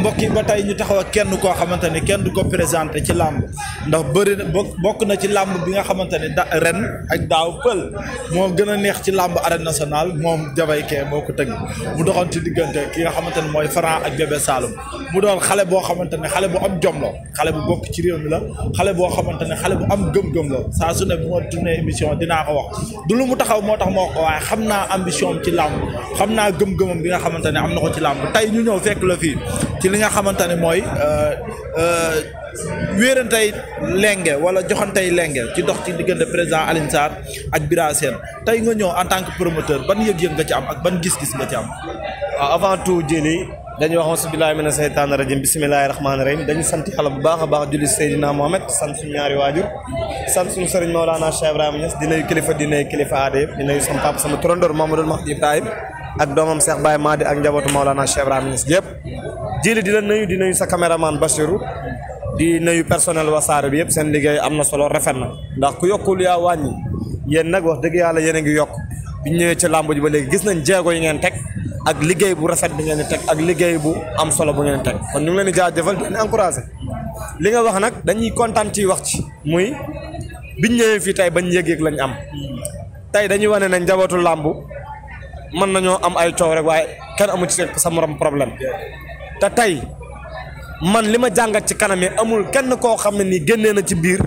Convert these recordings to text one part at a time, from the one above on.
mbokk yi ba tey ñu taxaw kenn koo xamante ne kenn du ko présenté ci làmb ndax bari na bokk na ci làmb bi nga xamante ne da ren ak daaw pël moo gën a neex ci làmb arène national moom jabaykee moo ko tëgg mu doxoon ci diggante ki nga xamante ne mooy Franc ak Bébé Saloum mu doon xale boo xamante ne xale bu am jom xale bu bokk ci réew mi la xale boo xamante ne xale bu am gëm-gëm la saa su nekk bu ma émission dinaa ko wax du lu mu taxaw moo tax moo ko waaye xam naa ambition am ci làmb xam naa gëm-gëmam bi nga xamante ne am na ko ci làmb tey ñu ñëw fekk la fii ci li nga xamante ne mooy euh, euh, wéerantey lenge wala joxantey lenge ci dox ci diggante président Alioune Sarr ak Bira Sène tey nga ñëw en tant que promoteur ban yëg-yëg nga ci am ak ban gis-gis nga ci am. waaw ah, avant tout jëli dañu waxoon si bilaay mina seytaani rajim bisimilahi rahmaani rahim dañu sant yàlla bu baax a baax julli Seydina Mohamed sant suñu ñaari waajur sant suñu sëriñ Maolana Cheikh Ibrahima Niass dina nuyu kilifa di nuyu kilifa aada yëpp di nuyu sama papa sama turandoor Mamadou Mahdi Ibrahima ak doomam Cheikh Baye Mahdi ak njabootu yëpp. jili di la nuyu di nuyu sa caméraman Bachirou di nuyu personnel wasaare bi yëpp seen liggéey am na solo rafet na ndax ku yokkul yaa wàññi yéen nag wax dëgg yàlla yéen a ngi yokk biñ ñëwee ci làmb ji ba léegi gis nañ jeego yi ngeen teg ak liggéey bu rafet bi ngeen di teg ak liggéey bu am solo bu ngeen teg kon ñu ngi leen di jaajëfal di leen encouragé li nga wax nag dañuy kontaan ci wax ci muy biñ ñëwee fii tey bañ yëg-yëg lañ am tey dañuy wane ne njabootu làmb mën nañoo am ay coow waaye kenn ci sa morom problème te tey man li ma jàngat ci kanam yi amul kenn koo xam ne nii génnee na ci biir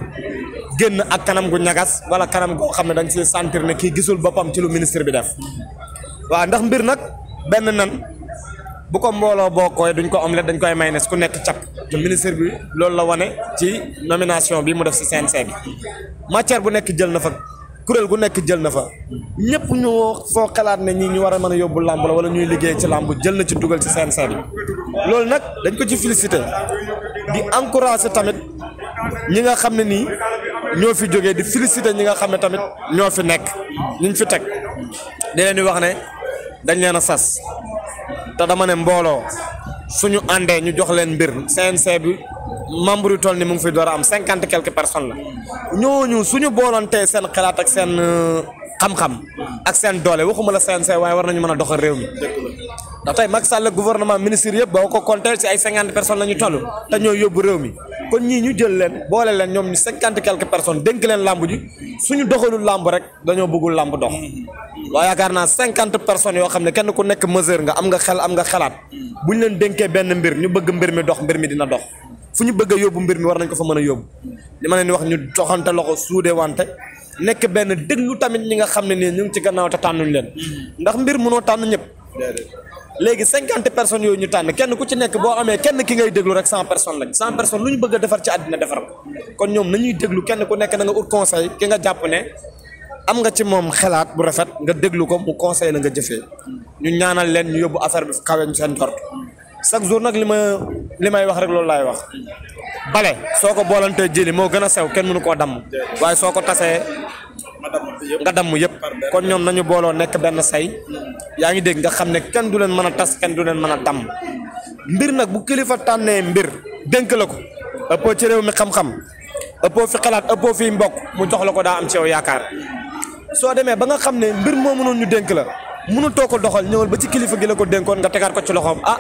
génn ak kanam gu ñagas wala kanam goo xam ne dañ si sentir ne kii gisul boppam ci lu ministre bi def waaw ndax mbir nag benn nan bu ko mbooloo boo bokkooy duñ ko omelette dañ koy may ne mayonnaise ku nekk cap te ministre bi loolu la wane ci nomination bii mu def si CNG bi matière bu nekk jël na fa kuréel gu nekk jël na fa ñëpp ñu foo xalaat ne ñi ñu war a mën a yóbbu làmb la wala ñuy liggéey ci làmb jël na ci dugal ci seen seen loolu nag dañ ko ci félicité di encouragé tamit ñi nga xam ne nii ñoo fi jógee di félicité ñi nga xam ne tamit ñoo fi nekk ñu fi teg di leen di wax ne dañ leen a sas te dama ne mbooloo suñu àndee ñu jox leen mbir CNC bi membre yu toll ni mu ngi fi door am cinquante quelques personnes la ñooñu suñu booloontee seen xalaat ak seen euh, xam-xam ak seen doole waxuma la CNC waaye war nañu mën a doxal réew mi ta tey mag Sall gouvernement ministre yëpp boo ko compter ci ay cinquante personnes la ñu toll te ñoo yóbbu réew mi kon ñi ñu jël leen boole leen ñoom ñu cinquante quelques personnes dénk leen làmb ji suñu doxalul làmb rek dañoo bëggul làmb dox waa yaakaar naa cinquante personnes yoo xam ne kenn ku nekk mesure nga am nga xel am nga xalaat bu leen dénkee benn mbir ñu bëgg mbir mi dox mbir mi dina dox fu ñu bëgg a yóbbu mbir mi war nañ ko fa mën a yóbbu li ma leen wax ñu joxante loxo suude wante nekk benn déglu tamit ñi nga xam ne nii ñu ngi ci gannaaw te tànnuñ leen ndax mbir mënoo tànn ñëpp léegi cinquante personnes yooyu ñu tànn kenn ku ci nekk boo amee kenn ki ngay déglu rek cent personnes lañ cent personnes lu ñu bëgg a defar ci àddina defar ko kon ñoom nañuy déglu kenn ku nekk na nga ut conseil ki nga jàpp ne am nga ci moom xalaat bu rafet nga déglu ko mu conseil la nga jëfee ñu ñaanal leen ñu yóbbu affaire bi kawe ñu seen chaque jour nag li ma li may wax rek loolu laay wax bale soo ko boolantee jëli moo gën a sew kenn mënu koo damm waaye soo ko tasee nga damm yëpp kon ñoom nañu booloo nekk benn say yaa ngi dégg nga xam ne kenn du leen mën a tas kenn du leen mën a damm mbir nag bu kilifa tànnee mbir dénk la ko ëppoo ci réew mi xam-xam ëppoo fi xalaat ëppoo fi mbokk mu jox la ko daa am sew yaakaar soo demee ba nga xam ne mbir moo mënoon ñu dénk la mënatoo ko doxal ñëwal ba ci kilifa gi la ko dénkoon nga tegaat ko ci loxoom ah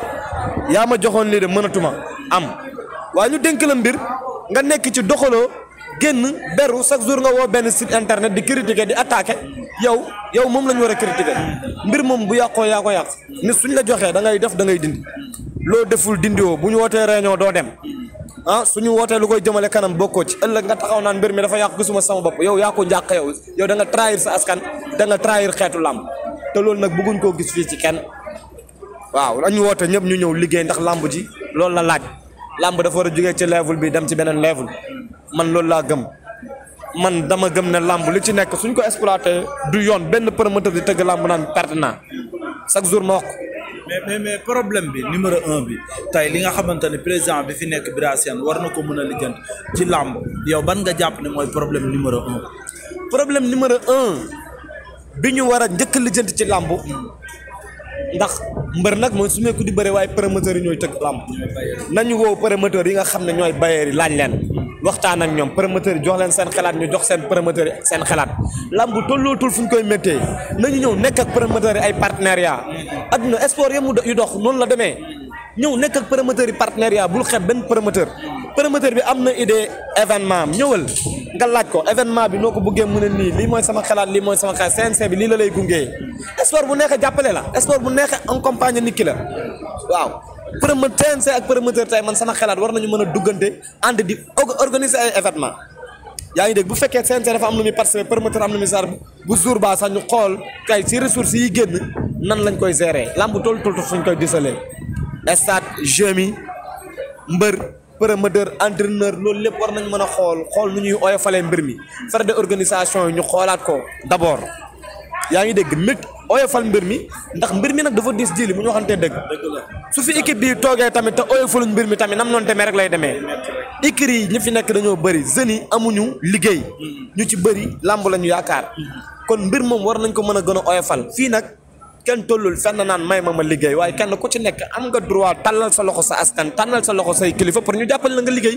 yaa ma joxoon lii de mënatuma am waa ñu dénk la mbir nga nekk ci doxaloo génn beru chaque jour nga woo benn site internet di critiquer di attaquer yow yow moom la ñu war a critiquer mbir moom bu yàqoo yaa ko yàq nit suñ la joxee da ngay def da ngay dindi loo deful dindiwoo bu ñu wootee réunion doo dem ah suñu wootee lu koy jëmale kanam bokkoo ci ëllëg nga taxaw naan mbir mi dafa yàq gisuma sama bopp yow yaa ko njàq yow yow da nga sa askan da nga trahir xeetu làmb te loolu nag bëgguñ koo gis fii ci kenn waaw dañu woote ñëpp ñu ñëw liggéey ndax làmb ji loolu la laaj làmb dafa war a jógee ci level bi dem ci beneen level man loolu laa gëm man dama gëm ne làmb li ci nekk suñ ko exploité du yoon benn promoteur di tëgg làmb naan perte naa chaque jour ma mais mais problème bi numéro un bi tey li nga xamante ne président bi fi nekk Bira Sène war na ko mun a lijjanti ci làmb yow ban nga jàpp ne mooy problème numéro numéro un bi ñu war a njëkk lijjanti ci làmb ndax mbër nag mooy su meeku di bëre waaye promoteurs yi ñooy tëgg làmb nañu woow promoteurs yi nga xam ne ñooy bayeer yi laaj leen waxtaan ak ñoom promoteurs yi jox leen seen xalaat ñu jox seen promoteurs yi seen xalaat làmb tollootul fu ñu koy méttee nañu ñëw nekk ak promoteurs yi ay partenariat adduna sport yamu yu dox noonu la demee ñëw nekk ak promoteurs yi partenariat bul xeeb benn promoteur promoteur bi am na idée événement ñëwal nga laaj ko événement bi noo ko buggee mu ne nii lii mooy sama xalaat lii mooy sama xalaat CNC bi lii la lay gungee sport bu neex a jàppale la sport bu neex a accompagner nit ki la waaw promoteur CNC ak promoteur tey man sama xalaat war nañu mën a duggante ànd di organiser ay événement yaa ngi dégg bu fekkee CNC dafa am lu muy participer promoteur am lu muy sar bu jour ba sax ñu xool kay ci ressources génn nan lañ koy gérer lamb toll toll fuñ koy disalee stade jeu mi mbër promoteur entraîneur loolu lépp war nañ mën a xool xool nu ñuy oyofalee mbir mi frais de organisation yi ñu xoolaat ko d'abord yaa ngi dégg nit oyofal mbir mi ndax mbir mi nag dafa diis jili bu ñu waxantee dëgg su fi équipe bi toogee tamit te oyofaluñ mbir mi tamit nam noonu demee rek lay demee écurie yi ñu fi nekk dañoo bëri jeunes yi amuñu liggéey ñu ci bëri làmb la ñu yaakaar kon mbir moom war nañ ko mën a gën a oyofal fii nag kenn tollul fenn naan may ma ma liggéey waaye kenn ku ci nekk am nga droit tàllal sa loxo sa askan tànnal sa loxo say kilifa pour ñu jàppal la nga liggéey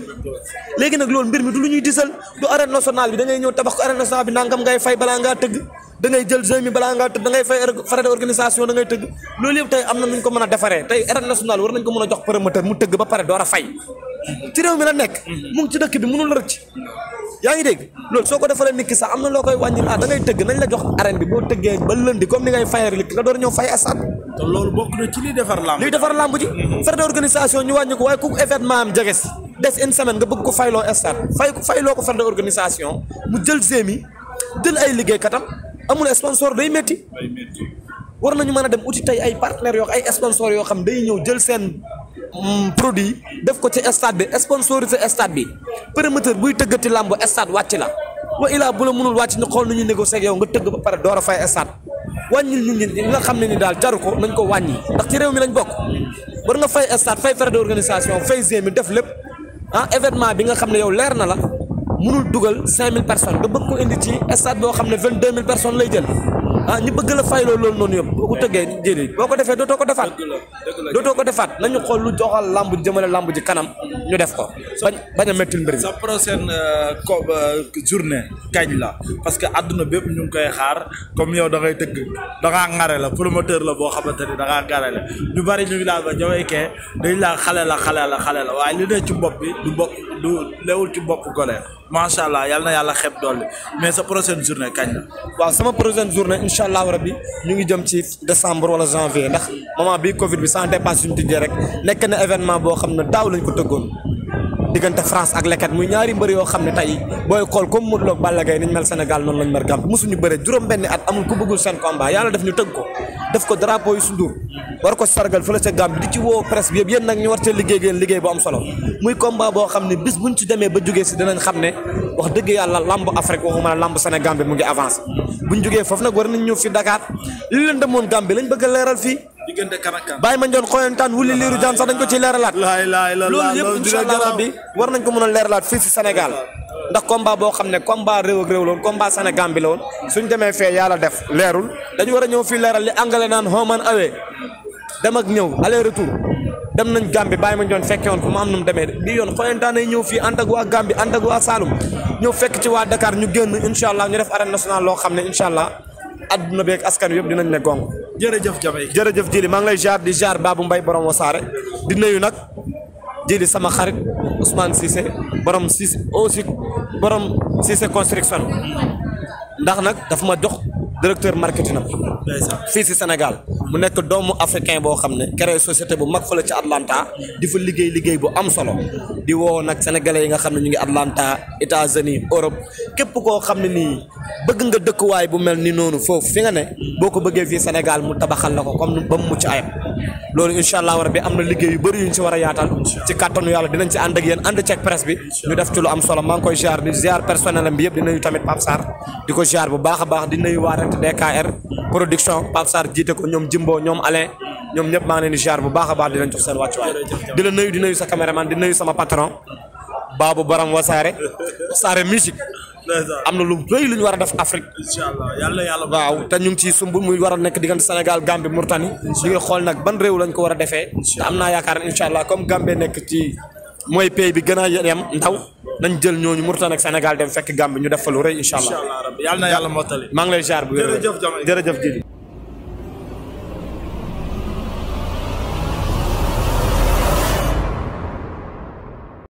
léegi nag loolu mbir mi du lu ñuy disal du arène nationale bi da ngay ñëw tabax ko arène nationale bi nangam ngay fay balaa ngaa tëgg da ngay jël jeu mi balaa ngaa tëgg da ngay fay frais d'organisation da ngay tëgg loolu yëpp tey am na nuñ ko mën a defaree tey arène nationale war nañ ko mën a jox promoteur mu tëgg ba pare door a fay ci réew mi la nekk mm-hmm. mu ngi bi mënul rëcc yaa ngi dégg loolu soo ko defalee nit ki sax am na loo koy wàññi ah da ngay tëgg nañ la jox arène bi boo tëggee ba lëndi comme ni ngay fayal li nga door ñëw fay asat te loolu bokk na ci liy defar làmb liy defar làmb ji mhm. frais d'organisation ñu wàññi ko waaye ku événement am jege si des une semaine nga bëgg ko fayloo stade fay fayloo ko frais d'organisation mu jël gémi jël ay liggéey katam amul sponsor day métti war nañu mën a dem uti tey ay partenaires yoo ay sponsor yoo xam day ñëw jël seen Mm, produit def ko ci stade bi sponsorisé stade bi promoteur buy tëggati làmb stade wàcc la wa ilaa bu la mënul wàcc ñu xool nu ñuy négocier ak yow nga tëgg ba pare doo a fay stade wàññil ñun ñi nga xam ne ni daal jaru ko nañ ko wàññi ndax ci réew mi lañ bokk war nga fay stade fay frais organisation fay GMI def lépp ah événement bi nga xam ne yow leer na la mënul dugal 5000 personnes nga bëgg ko indi ci stade boo xam ne 22000 personnes lay jël. ah ñu bëgg la fayloo loolu noonu yëpp boo ko tëggee jëri boo ko defee dootoo ko defaat dootoo ko defaat nañu xool lu joxal làmb jëmale làmb ji kanam ñu def ko bañ bañ a mettil mbir mi sa prochaine ko euh, euh, journée kañ la parce que àdduna bépp ñu ngi koy xaar comme yow da ngay tëgg dangaa ngare la promoteur la boo xamante ni dangaa ngare la ñu bari ñu ngi laa ba jawekee dañ laa xale la xale la xale la waaye li ne ci bopp bi du bopp du lewul ci bopp gole macha allah yal na yàlla xeb doole mais sa prochaine journée kañ la. waaw sama prochaine journée incha allah rabi ñu ngi jëm ci décembre wala janvier ndax moment bii Covid bi sans dépasse suñu tijjee rek nekk na événement boo xam ne daaw lañ ko tëggoon. diggante France ak leket muy ñaari mbër yoo xam ne tey booy xool comme Modou Lo ak Balla niñ mel Sénégal noonu lañ mel Gambie muy combat boo xam ne bis buñ ci demee ba jógee si dinañ xam ne wax dëgg yàlla lamb Afrique waxuma la lamb bi mu ngi avancé buñ jógee foofu nag war nañ ñëw fi Dakar li leen demoon Gambie lañ bëgg leeral fii diggante kan ak ma njoon xoyantaan wuli liiru jaan sax dañ ko ciy leeralaat loolu yëpp insha allah war nañ ko mën a leeralaat fii si Sénégal ndax combat boo xam ne combat réew ak réew la woon combat bi la woon suñ demee fee yàlla def leerul dañu war ñëw fii leeral li anglais naan home and away dem ak ñëw aller retour dem nañ Gambie bàyyi ma njoon fekke woon ko mu am nu mu demee bii yoon xoyantaan ñëw fii ànd ak waa Gambie ànd ak waa Saloum fekk waa Dakar ñu génn incha allah ñu def arène nationale loo xam ne incha allah adduna beeg askan wi yëpp dinañ ne gong jërëjëf Jami jërëjëf Jili maa ngi lay jaar di jaar Babou Mbaye borom Wassare di nuyu nag Jili sama xarit Ousmane Cissé borom Cissé aussi borom Cissé construction ndax nag daf ma jox directeur marketing am fii si Sénégal mu nekk doomu africain boo xam ne créé société bu mag fële ci Atlanta di fa liggéey liggéey bu am solo di woo nag sénégalais yi nga xam ne ñu ngi Atlanta États-Unis Europe képp koo xam ne nii bëgg nga dëkk dëkkuwaay bu mel ni noonu foofu fi nga ne boo ko bëggee fii Sénégal mu tabaxal la ko comme ba mu mucc ayam loolu incha allah war bi am na liggéey yu bëri yu ñu si war a yaatal ci kàttanu yàlla dinañ ci ànd ak yéen ànd ceeg def ci am solo maa ngi koy ziar yëpp tamit Pape Sarr baax a présidente DKR production Pape Sarr jiite ko ñoom Jimbo ñoom Alain ñoom ñëpp maa ngi leen bu baax a baax di leen jox seen wàccuwaay di la nuyu di nuyu sa caméraman di nuyu sama patron Babou Baram Wassare Wassare musique am na lu rëy lu ñu war a def Afrique waaw te ñu ci ciy muy war a nekk diggante Sénégal Gambie Mauritanie ñu ngi xool nag ban réew lañ ko war a defee te am naa yaakaar incha allah comme Gambie nekk ci mooy pays bi gën a yem ndaw nañ jël ñooñu Mauritanie ak Sénégal dem fekk Gambie ñu def fa lu rëy incha allah yàlla na yàlla mottali. maa ngi lay ziar bu wér jërëjëf Jami jërëjëf Djily